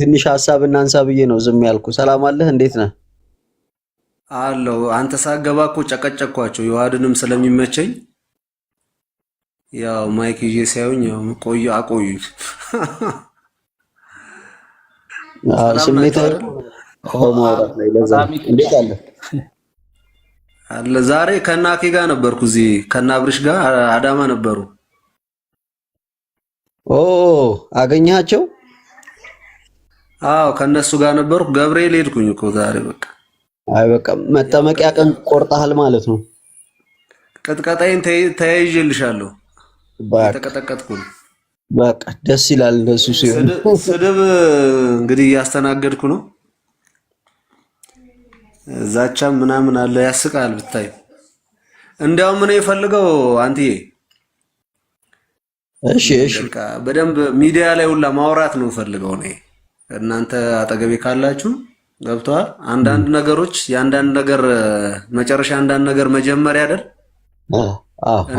ትንሽ ሀሳብ እናንሳ ብዬ ነው ዝም ያልኩ። ሰላም አለህ? እንዴት ነህ? አለው አንተ ሳገባ እኮ ጨቀጨቅኳቸው። የዋድንም ስለሚመቸኝ ያው ማይክ ይዤ ሳይሆን ያው ቆዩ አቆዩት አለ ዛሬ ከና አኬ ጋር ነበርኩ። እዚህ ከና አብርሽ ጋር አዳማ ነበሩ። ኦ አገኘሃቸው? አዎ ከነሱ ጋር ነበርኩ። ገብርኤል ሄድኩኝ እኮ ዛሬ። በቃ አይ በቃ መጠመቂያ ቀን ቆርጠሃል ማለት ነው። ቅጥቀጣይን ተያይዤልሻለሁ። የተቀጠቀጥኩ ተቀጠቀጥኩ። በቃ ደስ ይላል። እንደሱ ሲሆን ስድብ እንግዲህ እያስተናገድኩ ነው። ዛቻም ምናምን አለ። ያስቃል ብታይ። እንዲያውም እኔ የፈልገው አንትዬ እሺ፣ እሺ በደንብ ሚዲያ ላይ ሁላ ማውራት ነው ፈልገው ነው እናንተ አጠገቤ ካላችሁ ገብቷል። አንዳንድ ነገሮች የአንዳንድ ነገር መጨረሻ አንዳንድ ነገር መጀመሪያ አይደል?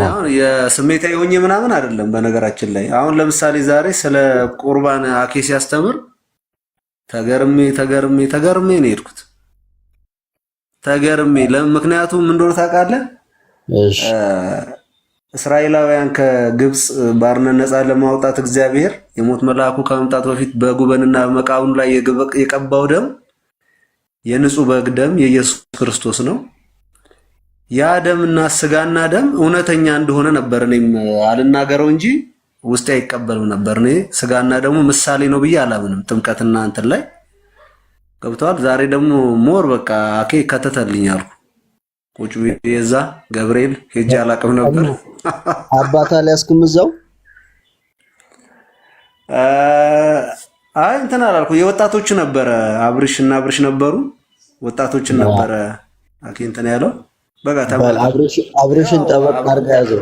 አሁን የስሜታዊ ሆኜ ምናምን አይደለም። በነገራችን ላይ አሁን ለምሳሌ ዛሬ ስለ ቁርባን አኬ ሲያስተምር ተገርሜ ተገርሜ ተገርሜ ነው የሄድኩት። ተገርሜ ለምክንያቱም ምክንያቱም እንደሆነ ታውቃለህ እስራኤላውያን ከግብፅ ባርነት ነፃ ለማውጣት እግዚአብሔር የሞት መልአኩ ከመምጣት በፊት በጉበንና በመቃብኑ ላይ የቀባው ደም የንጹህ በግ ደም የኢየሱስ ክርስቶስ ነው። ያ ደምና ስጋና ደም እውነተኛ እንደሆነ ነበር። እኔም አልናገረው እንጂ ውስጤ አይቀበልም ነበር። እኔ ስጋና ደግሞ ምሳሌ ነው ብዬ አላምንም። ጥምቀትና እንትን ላይ ገብተዋል። ዛሬ ደግሞ ሞር በቃ አኬ ከተተልኝ አልኩ። ቁጭ ብዬ እዛ ገብርኤል ሄጄ አላቅም ነበር። አባታ ሊያስክም እዛው አይ እንትን አላልኩ። የወጣቶቹ ነበረ አብርሽ እና አብርሽ ነበሩ። ወጣቶችን ነበረ አኬ እንትን ያለው በቃ ተባለ። አብርሽን ጠበቅ አድርገህ ያዘው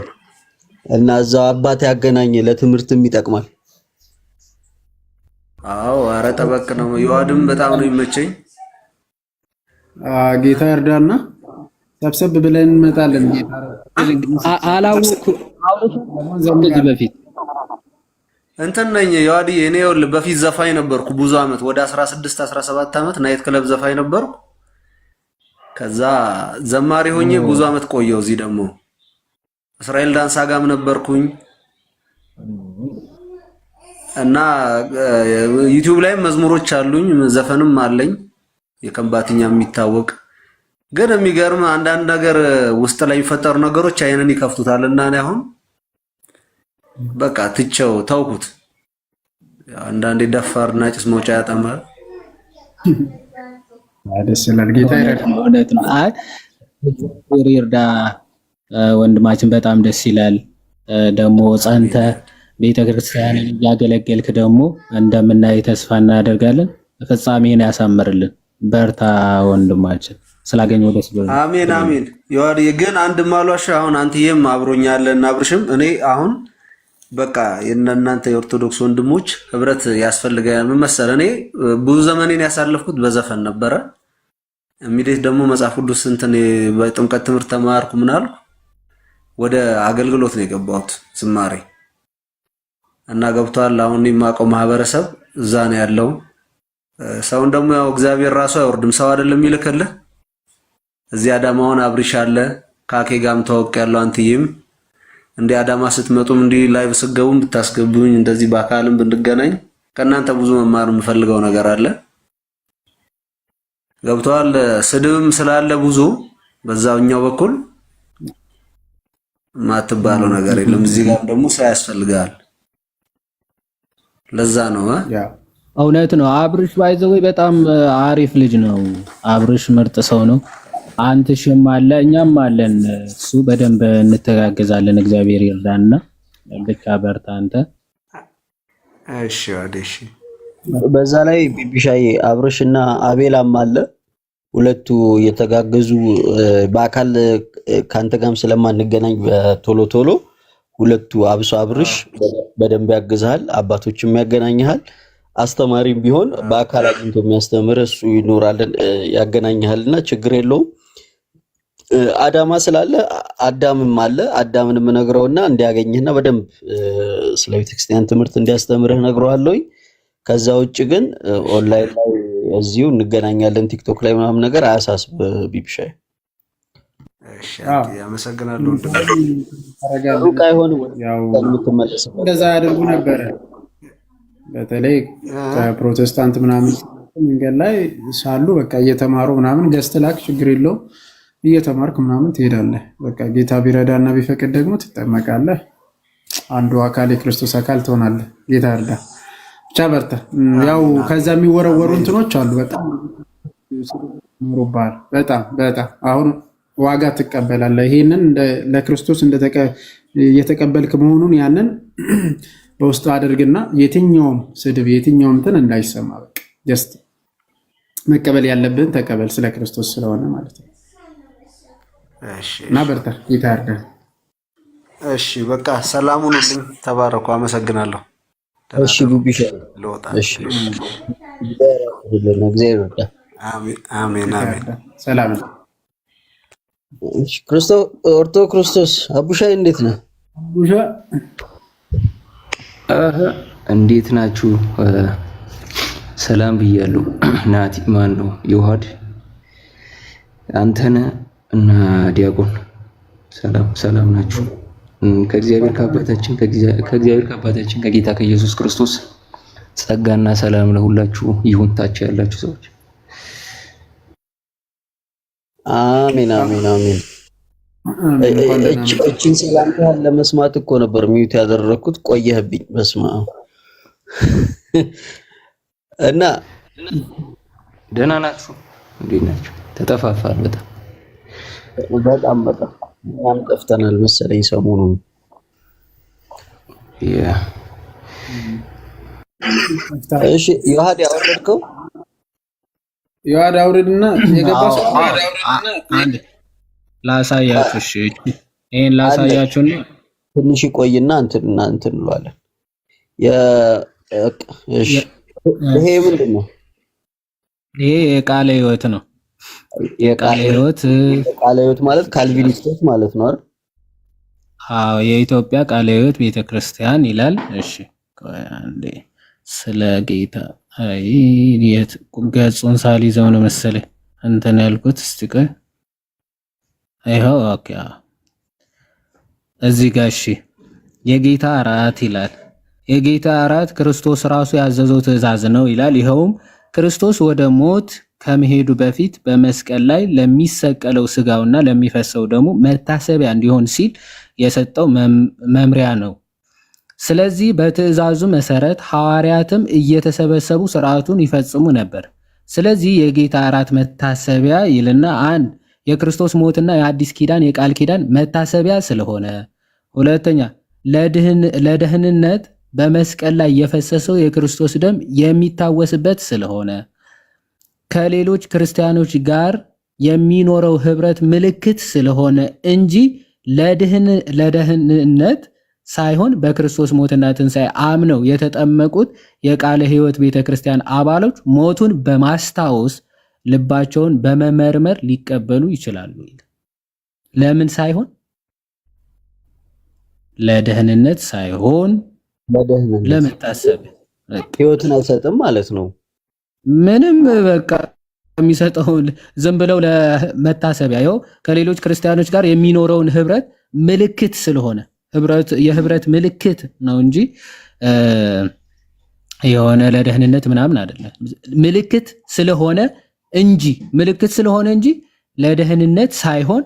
እና እዛው አባት ያገናኘ ለትምህርትም ይጠቅማል። አዎ አረ ጠበቅ ነው። የዋድም በጣም ነው ይመቸኝ። ጌታ እርዳና ሰብሰብ ብለን እንመጣለን። አላወኩ በፊት እንትን ነኝ የዋዲ እኔ ወል በፊት ዘፋኝ ነበርኩ ብዙ አመት ወደ 16 17 አመት ናይት ክለብ ዘፋኝ ነበርኩ። ከዛ ዘማሪ ሆኜ ብዙ አመት ቆየው። እዚህ ደግሞ እስራኤል ዳንስ አጋም ነበርኩኝ እና ዩቲዩብ ላይም መዝሙሮች አሉኝ ዘፈንም አለኝ የከምባትኛ የሚታወቅ ግን የሚገርም አንዳንድ ነገር ውስጥ ላይ የሚፈጠሩ ነገሮች አይንን ይከፍቱታል። እና እኔ አሁን በቃ ትቼው ተውኩት። አንዳንዴ ደፋር እና ጭስ መውጫ ያጠማል። ደስ ይላል። ጌታ እውነት ነው። ይርዳ ወንድማችን፣ በጣም ደስ ይላል። ደግሞ ጸንተ ቤተክርስቲያንን እያገለገልክ ደግሞ እንደምናይ ተስፋ እናደርጋለን። ፍጻሜን ያሳምርልን። በርታ ወንድማችን። ስላገኘሁ ደስ ብሎኛል። አሜን አሜን። ግን አንድ ማሏሽ አሁን አንትዬም አብሮኛለህ እና አብርሽም እኔ አሁን በቃ የእናንተ የኦርቶዶክስ ወንድሞች ህብረት ያስፈልጋል። ምን መሰለህ እኔ ብዙ ዘመኔን ያሳለፍኩት በዘፈን ነበረ። እሚዴት ደግሞ መጽሐፍ ቅዱስ እንትን በጥምቀት ትምህርት ተማርኩ ምናልኩ ወደ አገልግሎት ነው የገባሁት ዝማሬ እና ገብቷል። አሁን የማውቀው ማህበረሰብ እዛ ነው ያለው። ሰውን ደግሞ ያው እግዚአብሔር ራሱ አይወርድም ሰው አይደለም ይልክልህ እዚህ አዳማውን አብሪሽ አለ ካኬ ጋም ታወቅ ያለው አንትዬም እንዲህ አዳማ ስትመጡም እንዲህ ላይቭ ስገቡም ብታስገቡኝ እንደዚህ በአካልም ብንገናኝ ከእናንተ ብዙ መማር የምፈልገው ነገር አለ። ገብተዋል። ስድብም ስላለ ብዙ በዛኛው በኩል ማትባለው ነገር የለም። እዚህ ጋር ደግሞ ስራ ያስፈልጋል። ለዛ ነው እውነት ነው። አብርሽ ባይዘወይ በጣም አሪፍ ልጅ ነው። አብርሽ ምርጥ ሰው ነው። አንተ ሽም አለ እኛም አለን። እሱ በደንብ እንተጋገዛለን። እግዚአብሔር ይርዳና ብቻ በርታ አንተ። እሺ እሺ። በዛ ላይ ቢቢሻይ አብርሽ እና አቤላም አለ። ሁለቱ የተጋገዙ በአካል ከአንተ ጋርም ስለማንገናኝ ቶሎ ቶሎ ሁለቱ አብሶ አብርሽ በደንብ ያግዝሃል፣ አባቶችም ያገናኝሃል። አስተማሪም ቢሆን በአካል አግኝቶ የሚያስተምር እሱ ይኖራለን ያገናኝሃልና ችግር የለውም። አዳማ ስላለ አዳምም አለ። አዳምን የምነግረውና እንዲያገኝህና በደንብ ስለ ቤተክርስቲያን ትምህርት እንዲያስተምርህ ነግረዋለኝ። ከዛ ውጭ ግን ኦንላይን ላይ እዚሁ እንገናኛለን ቲክቶክ ላይ ምናምን ነገር አያሳስብ። ቢብሻይ አመሰግናለሁ። እንደዛ ያደርጉ ነበረ። በተለይ ከፕሮቴስታንት ምናምን መንገድ ላይ ሳሉ በቃ እየተማሩ ምናምን ገዝት ላክ ችግር የለውም እየተማርክ ምናምን ትሄዳለህ። በቃ ጌታ ቢረዳና ቢፈቅድ ደግሞ ትጠመቃለህ። አንዱ አካል የክርስቶስ አካል ትሆናለህ። ጌታ እርዳ፣ ብቻ በርታ። ያው ከዛ የሚወረወሩ እንትኖች አሉ። በጣም በጣም በጣም አሁን ዋጋ ትቀበላለህ። ይሄንን ለክርስቶስ እየተቀበልክ መሆኑን ያንን በውስጡ አድርግና የትኛውም ስድብ የትኛውም እንትን እንዳይሰማ በቃ ጀስት መቀበል ያለብህን ተቀበል፣ ስለ ክርስቶስ ስለሆነ ማለት ነው። እና በርታ፣ ጌታ ያርዳል። እሺ በቃ ሰላም ሁኑልኝ። ተባረኩ። አመሰግናለሁ። እሺ ጉቢሻ ልወጣ። እሺ ኦርቶ ክርስቶስ አቡሻይ እንዴት ነህ? አቡሻ እንዴት ናችሁ? ሰላም ብያለሁ። ናቲ ማን ነው? ዮሐድ አንተነህ እና ዲያቆን ሰላም ሰላም ናችሁ። ከእግዚአብሔር ከአባታችን ከእግዚአብሔር ከአባታችን ከጌታ ከኢየሱስ ክርስቶስ ጸጋና ሰላም ለሁላችሁ ይሁን። ታች ያላችሁ ሰዎች አሜን፣ አሜን፣ አሜን። እችን ሰላምታ ለመስማት እኮ ነበር ሚዩት ያደረኩት፣ ቆየህብኝ። በስማ እና ደህና ናችሁ? እንዴት ናችሁ? ተጠፋፋል በጣም በጣም በጣም በጣም ጠፍተናል መሰለኝ ሰሞኑን እሺ ዮሐድ ያወረድከው ዮሐድ አውርድና ላሳያችሁ እሺ ትንሽ ይቆይና እንትን እንትን እንለዋለን ይሄ ምንድን ነው ይሄ የቃለ ህይወት ነው የቃለ ሕይወት ቃለ ሕይወት ማለት ካልቪኒስቶች ማለት ነው አይደል? አዎ የኢትዮጵያ ቃለ ሕይወት ቤተክርስቲያን ይላል። እሺ አንዴ ስለ ጌታ አይ የት ገጹን ሳልይዘው ነው መሰለኝ እንትን ያልኩት። እስቲ ቆይ አይኸው። ኦኬ እዚህ ጋር እሺ፣ የጌታ እራት ይላል። የጌታ እራት ክርስቶስ ራሱ ያዘዘው ትእዛዝ ነው ይላል። ይኸውም ክርስቶስ ወደ ሞት ከመሄዱ በፊት በመስቀል ላይ ለሚሰቀለው ስጋውና ለሚፈሰው ደግሞ መታሰቢያ እንዲሆን ሲል የሰጠው መምሪያ ነው። ስለዚህ በትእዛዙ መሰረት ሐዋርያትም እየተሰበሰቡ ስርዓቱን ይፈጽሙ ነበር። ስለዚህ የጌታ እራት መታሰቢያ ይልና አንድ የክርስቶስ ሞትና የአዲስ ኪዳን የቃል ኪዳን መታሰቢያ ስለሆነ፣ ሁለተኛ ለደህንነት በመስቀል ላይ የፈሰሰው የክርስቶስ ደም የሚታወስበት ስለሆነ ከሌሎች ክርስቲያኖች ጋር የሚኖረው ህብረት ምልክት ስለሆነ እንጂ ለደህንነት ሳይሆን በክርስቶስ ሞትና ትንሣኤ አምነው የተጠመቁት የቃለ ሕይወት ቤተ ክርስቲያን አባሎች ሞቱን በማስታወስ ልባቸውን በመመርመር ሊቀበሉ ይችላሉ። ለምን ሳይሆን ለደህንነት ሳይሆን ለመታሰብ ሕይወትን አይሰጥም ማለት ነው። ምንም በቃ የሚሰጠውን ዝም ብለው ለመታሰቢያ ይኸው ከሌሎች ክርስቲያኖች ጋር የሚኖረውን ህብረት ምልክት ስለሆነ የህብረት ምልክት ነው እንጂ የሆነ ለደህንነት ምናምን አይደለም። ምልክት ስለሆነ እንጂ ምልክት ስለሆነ እንጂ ለደህንነት ሳይሆን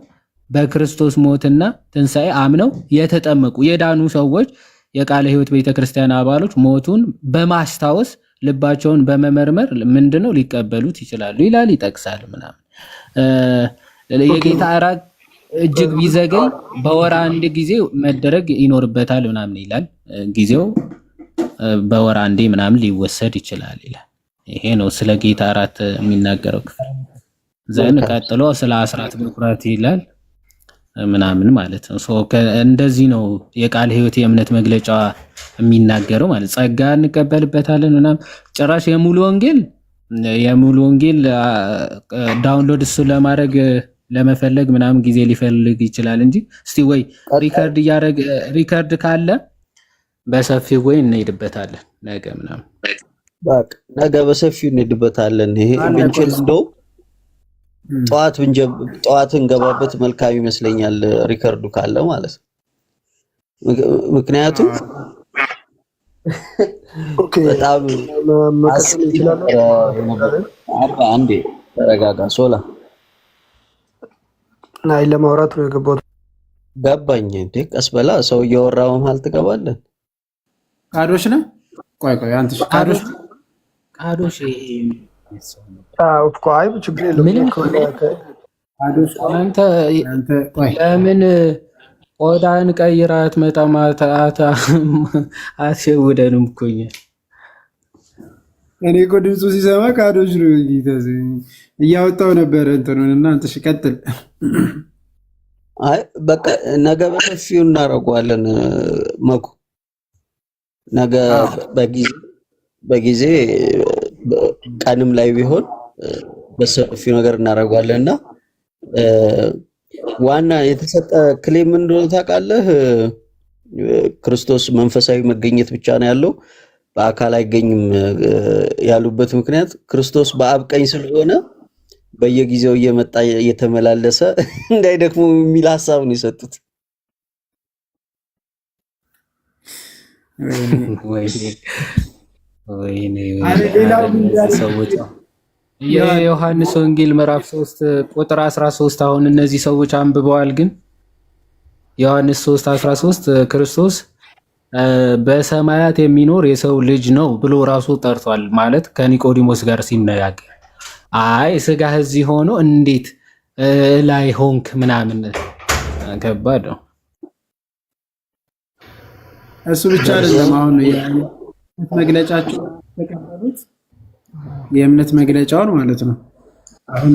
በክርስቶስ ሞትና ትንሣኤ አምነው የተጠመቁ የዳኑ ሰዎች የቃለ ህይወት ቤተክርስቲያን አባሎች ሞቱን በማስታወስ ልባቸውን በመመርመር ምንድነው ሊቀበሉት ይችላሉ ይላል፣ ይጠቅሳል ምናምን። የጌታ እራት እጅግ ቢዘገይ በወር አንድ ጊዜ መደረግ ይኖርበታል ምናምን ይላል። ጊዜው በወር አንዴ ምናምን ሊወሰድ ይችላል ይላል። ይሄ ነው ስለ ጌታ እራት የሚናገረው ክፍል። ዘን ቀጥሎ ስለ አስራት በኩራት ይላል። ምናምን ማለት ነው። እንደዚህ ነው የቃል ህይወት የእምነት መግለጫ የሚናገረው ማለት ጸጋ እንቀበልበታለን ምናምን ጭራሽ የሙሉ ወንጌል የሙሉ ወንጌል ዳውንሎድ እሱ ለማድረግ ለመፈለግ ምናምን ጊዜ ሊፈልግ ይችላል እንጂ እስቲ ወይ ሪከርድ እያደረግ ሪከርድ ካለ በሰፊው ወይ እንሄድበታለን ነገ ምናምን ነገ በሰፊው እንሄድበታለን። ይሄ ብንችል እንደውም ጠዋት ጠዋት እንገባበት መልካም ይመስለኛል። ሪከርዱ ካለ ማለት ነው። ምክንያቱም በጣም አንዴ ተረጋጋ። ሶላ አይ ለማውራት ነው የገባት ገባኝ እንዴ? ቀስ በላ ሰው እያወራ መሀል ትገባለን። ቃዶሽ ነ ቆይ ቆይ አንተ ቃዶሽ ቃዶሽ ለምን ቆዳን ቀይራ አትመጣም? አትሸውደንም እኮ እኛ እኔ እኮ ድምፁ ሲሰማ ካዶች ነው እያወጣው ነበረ እንትኑን እና እንትሽ ቀጥል። አይ በቃ ነገ በሰፊው እናደርገዋለን። መኩ ነገ በጊዜ ቀንም ላይ ቢሆን በሰፊው ነገር እናደርገዋለን እና ዋና የተሰጠ ክሌም እንደሆነ ታውቃለህ፣ ክርስቶስ መንፈሳዊ መገኘት ብቻ ነው ያለው በአካል አይገኝም ያሉበት ምክንያት ክርስቶስ በአብ ቀኝ ስለሆነ በየጊዜው እየመጣ እየተመላለሰ እንዳይደክሙ የሚል ሀሳብ ነው የሰጡት። የዮሐንስ ወንጌል ምዕራፍ 3 ቁጥር 13 አሁን እነዚህ ሰዎች አንብበዋል፣ ግን ዮሐንስ 3 13 ክርስቶስ በሰማያት የሚኖር የሰው ልጅ ነው ብሎ ራሱ ጠርቷል። ማለት ከኒቆዲሞስ ጋር ሲነጋገር አይ ስጋህ እዚህ ሆኖ እንዴት ላይ ሆንክ ምናምን ከባድ እሱ ብቻ አይደለም አሁን መግለጫቸው ተቀበሉት። የእምነት መግለጫውን ማለት ነው። አሁን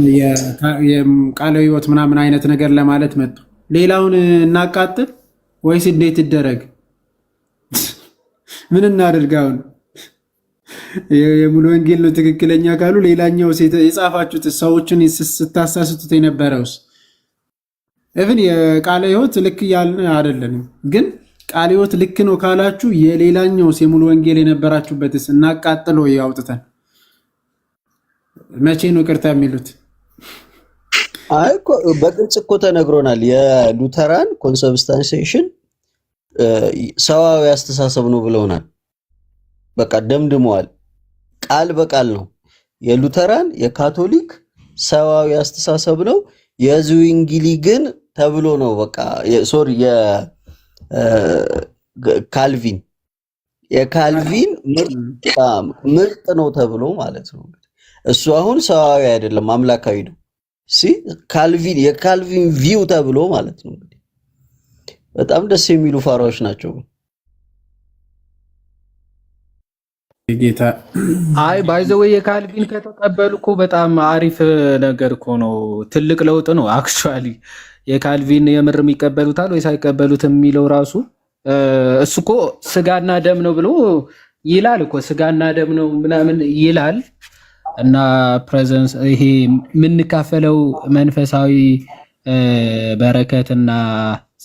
የቃለ ሕይወት ምናምን አይነት ነገር ለማለት መጡ። ሌላውን እናቃጥል ወይስ እንዴት ይደረግ? ምን እናደርግ? አሁን የሙሉ ወንጌል ነው ትክክለኛ ካሉ ሌላኛው የጻፋችሁት ሰዎችን ስታሳስቱት የነበረውስ እብን የቃለ ሕይወት ልክ እያልን አይደለንም ግን ቃለ ሕይወት ልክ ነው ካላችሁ የሌላኛው የሙሉ ወንጌል የነበራችሁበትስ እናቃጥሎ ያውጥተን መቼ ነው ቅርታ የሚሉት? አይ እኮ በግልጽ እኮ ተነግሮናል። የሉተራን ኮንሰብስታንሴሽን ሰዋዊ አስተሳሰብ ነው ብለውናል። በቃ ደምድመዋል። ቃል በቃል ነው። የሉተራን የካቶሊክ ሰዋዊ አስተሳሰብ ነው። የዝዊንግሊ ግን ተብሎ ነው በቃ ሶሪ ካልቪን የካልቪን ምርጥ ነው ተብሎ ማለት ነው። እሱ አሁን ሰዋዊ አይደለም አምላካዊ ነው። ካልቪን የካልቪን ቪው ተብሎ ማለት ነው። በጣም ደስ የሚሉ ፋራዎች ናቸው። ጌታ አይ ባይዘወይ የካልቪን ከተቀበሉ እኮ በጣም አሪፍ ነገር እኮ ነው። ትልቅ ለውጥ ነው አክቹዋሊ የካልቪን የምርም ይቀበሉታል ወይስ አይቀበሉትም የሚለው ራሱ እሱ እኮ ስጋና ደም ነው ብሎ ይላል እኮ ስጋና ደም ነው ምናምን ይላል። እና ፕሬዘንስ ይሄ የምንካፈለው መንፈሳዊ በረከትና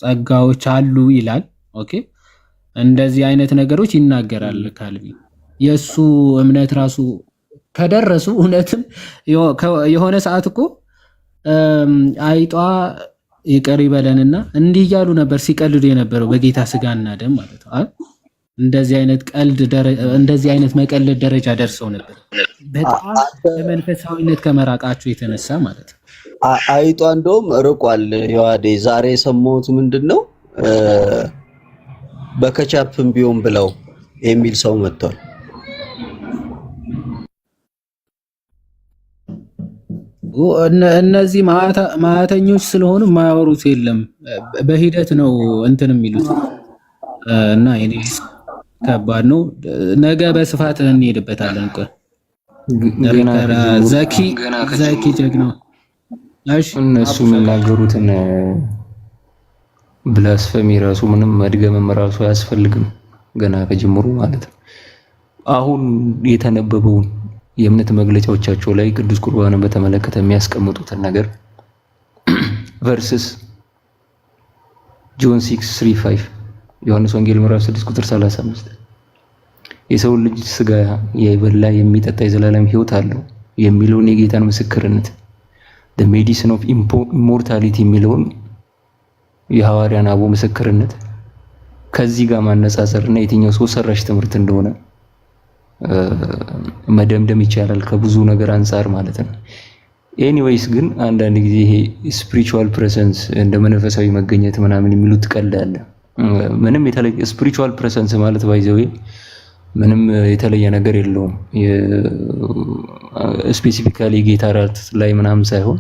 ጸጋዎች አሉ ይላል። ኦኬ እንደዚህ አይነት ነገሮች ይናገራል ካልቪን። የእሱ እምነት ራሱ ከደረሱ እውነትም የሆነ ሰዓት እኮ አይጧ ይቅር ይበለንና እንዲህ እያሉ ነበር ሲቀልዱ የነበረው በጌታ ስጋና ደም ማለት ነው። እንደዚህ አይነት ቀልድ እንደዚህ አይነት መቀለድ ደረጃ ደርሰው ነበር። በጣም በመንፈሳዊነት ከመራቃቸው የተነሳ ማለት ነው። አይጧ እንደውም ርቋል። የዋዴ ዛሬ የሰማሁት ምንድን ነው፣ በከቻፕም ቢሆን ብለው የሚል ሰው መጥቷል። እነዚህ ማዕተኞች ስለሆኑ የማያወሩት የለም። በሂደት ነው እንትን የሚሉት እና ከባድ ነው። ነገ በስፋት እንሄድበታለን። ዘኪ ዘኪ ጀግና እነሱ የሚናገሩትን ብላስፈሚ ራሱ ምንም መድገምም ራሱ አያስፈልግም። ገና ከጅምሩ ማለት ነው አሁን የተነበበውን የእምነት መግለጫዎቻቸው ላይ ቅዱስ ቁርባንን በተመለከተ የሚያስቀምጡትን ነገር ቨርስስ ጆን 6:35 ዮሐንስ ወንጌል ምዕራፍ 6 ቁጥር 35 የሰው ልጅ ስጋ የበላ የሚጠጣ የዘላለም ህይወት አለው የሚለውን የጌታን ምስክርነት the medicine of immortality የሚለውን የሐዋርያን አቦ ምስክርነት ከዚህ ጋር ማነጻጸር እና የትኛው ሰው ሰራሽ ትምህርት እንደሆነ መደምደም ይቻላል ከብዙ ነገር አንጻር ማለት ነው። ኤኒዌይስ ግን አንዳንድ ጊዜ ይሄ ስፒሪቹዋል ፕሬሰንስ እንደ መንፈሳዊ መገኘት ምናምን የሚሉት ቀልድ አለ። ምንም የተለየ ስፒሪቹዋል ፕሬሰንስ ማለት ባይዘዌ ምንም የተለየ ነገር የለውም። ስፔሲፊካሊ ጌታራት ላይ ምናምን ሳይሆን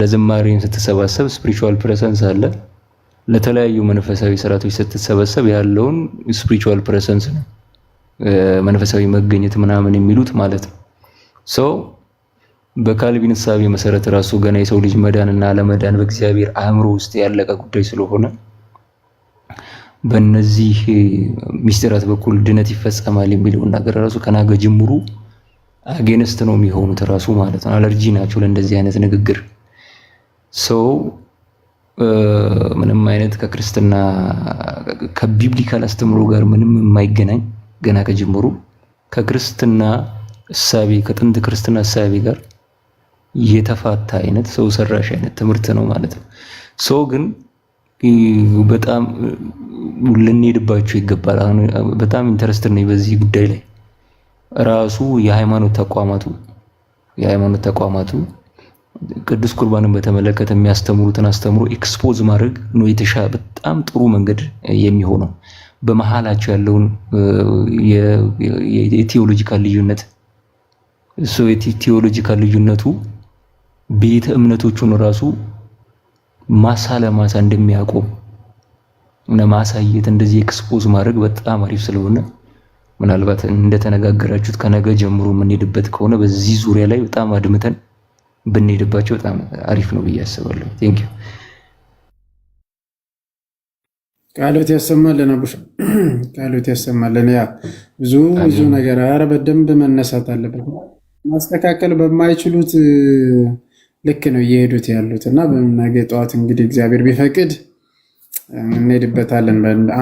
ለዝማሬም ስትሰባሰብ ስፒሪቹዋል ፕሬሰንስ አለ። ለተለያዩ መንፈሳዊ ስርዓቶች ስትሰበሰብ ያለውን ስፒሪቹዋል ፕሬሰንስ ነው። መንፈሳዊ መገኘት ምናምን የሚሉት ማለት ነው። ሰው በካልቪን እሳቤ መሰረት ራሱ ገና የሰው ልጅ መዳንና አለመዳን በእግዚአብሔር አእምሮ ውስጥ ያለቀ ጉዳይ ስለሆነ በእነዚህ ሚስጢራት በኩል ድነት ይፈጸማል የሚለውን ነገር ራሱ ከናገ ጅምሩ አጌነስት ነው የሚሆኑት ራሱ ማለት ነው። አለርጂ ናቸው ለእንደዚህ አይነት ንግግር። ሰው ምንም አይነት ከክርስትና ከቢብሊካል አስተምሮ ጋር ምንም የማይገናኝ ገና ከጅምሩ ከክርስትና እሳቤ ከጥንት ክርስትና እሳቤ ጋር የተፋታ አይነት ሰው ሰራሽ አይነት ትምህርት ነው ማለት ነው። ሰው ግን በጣም ልንሄድባቸው ይገባል። በጣም ኢንተረስት ነው በዚህ ጉዳይ ላይ ራሱ የሃይማኖት ተቋማቱ የሃይማኖት ተቋማቱ ቅዱስ ቁርባንን በተመለከተ የሚያስተምሩትን አስተምሮ ኤክስፖዝ ማድረግ ነው የተሻ በጣም ጥሩ መንገድ የሚሆነው። በመሀላቸው ያለውን የቴዎሎጂካል ልዩነት የቴዎሎጂካል ልዩነቱ ቤተ እምነቶቹን ራሱ ማሳ ለማሳ እንደሚያቆም እና ማሳየት እንደዚህ ኤክስፖዝ ማድረግ በጣም አሪፍ ስለሆነ ምናልባት እንደተነጋገራችሁት ከነገ ጀምሮ የምንሄድበት ከሆነ በዚህ ዙሪያ ላይ በጣም አድምተን ብንሄድባቸው በጣም አሪፍ ነው ብዬ አስባለሁ። ቴንክ ዩ ቃሎት ያሰማልን፣ አቡሽ ቃሎት ያሰማልን። ያ ብዙ ብዙ ነገር አረ በደንብ መነሳት አለበት። ማስተካከል በማይችሉት ልክ ነው እየሄዱት ያሉት እና በምናገ ጠዋት እንግዲህ እግዚአብሔር ቢፈቅድ እንሄድበታለን።